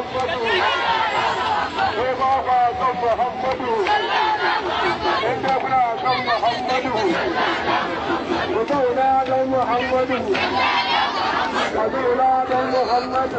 जंहिंमू कॾहिं उला दादूम